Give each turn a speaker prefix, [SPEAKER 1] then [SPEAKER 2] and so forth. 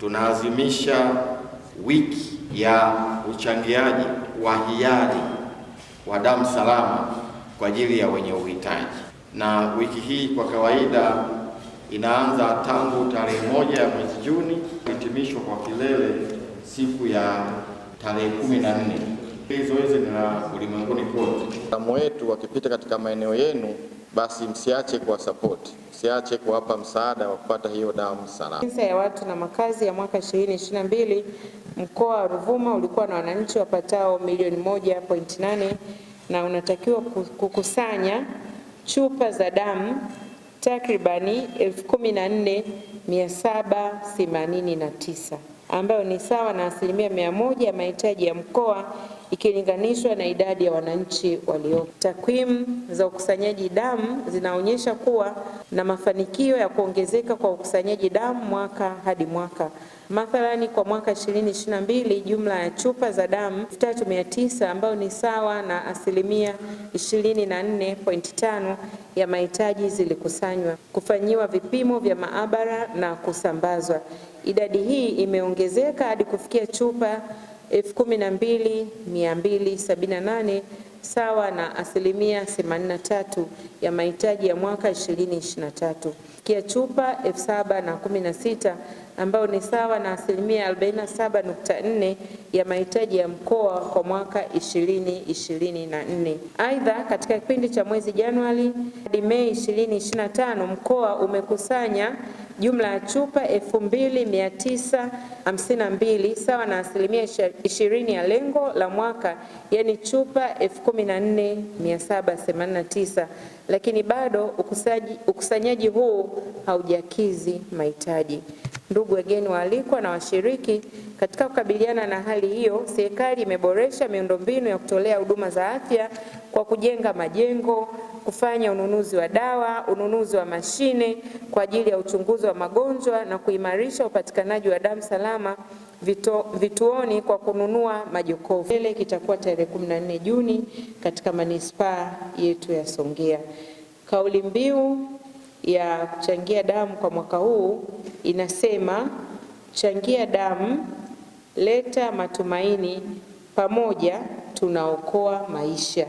[SPEAKER 1] Tunaazimisha wiki ya uchangiaji wa hiari wa damu salama kwa ajili ya wenye uhitaji, na wiki hii kwa kawaida inaanza tangu tarehe moja ya mwezi Juni kuhitimishwa kwa kilele siku ya tarehe kumi na nne. Hili zoezi ni la ulimwenguni kote.
[SPEAKER 2] damu wetu wakipita katika maeneo yenu basi msiache kuwasapoti, msiache kuwapa msaada wa kupata hiyo damu salama.
[SPEAKER 3] Sensa ya watu na makazi ya mwaka 2022 mkoa wa Ruvuma ulikuwa na wananchi wapatao milioni 1.8 na unatakiwa kukusanya chupa za damu takribani 14789 ambayo ni sawa na asilimia mia ya mahitaji ya mkoa ikilinganishwa na idadi ya wananchi waliopo. Takwimu za ukusanyaji damu zinaonyesha kuwa na mafanikio ya kuongezeka kwa ukusanyaji damu mwaka hadi mwaka. Mathalani, kwa mwaka 2022 jumla ya chupa za damu 3900 ambayo ni sawa na asilimia 24.5 ya mahitaji zilikusanywa, kufanyiwa vipimo vya maabara na kusambazwa. Idadi hii imeongezeka hadi kufikia chupa 12278 sawa na asilimia 83 ya mahitaji ya mwaka 2023. Kia chupa 7016 ambayo ni sawa na asilimia 47.4 ya mahitaji ya mkoa kwa mwaka 2024. Aidha, katika kipindi cha mwezi Januari hadi Mei 2025 mkoa umekusanya jumla ya chupa 2952 sawa na asilimia 20 ya lengo la mwaka, yani chupa 14789, lakini bado ukusaji, ukusanyaji huu haujakizi mahitaji. Ndugu wageni waalikwa na washiriki, katika kukabiliana na hali hiyo, serikali imeboresha miundombinu ya kutolea huduma za afya kwa kujenga majengo kufanya ununuzi wa dawa, ununuzi wa mashine kwa ajili ya uchunguzi wa magonjwa na kuimarisha upatikanaji wa damu salama vito, vituoni kwa kununua majokofu. Ile kitakuwa tarehe 14 Juni katika manispaa yetu ya Songea. Kauli mbiu ya kuchangia damu kwa mwaka huu inasema changia damu, leta matumaini, pamoja tunaokoa maisha.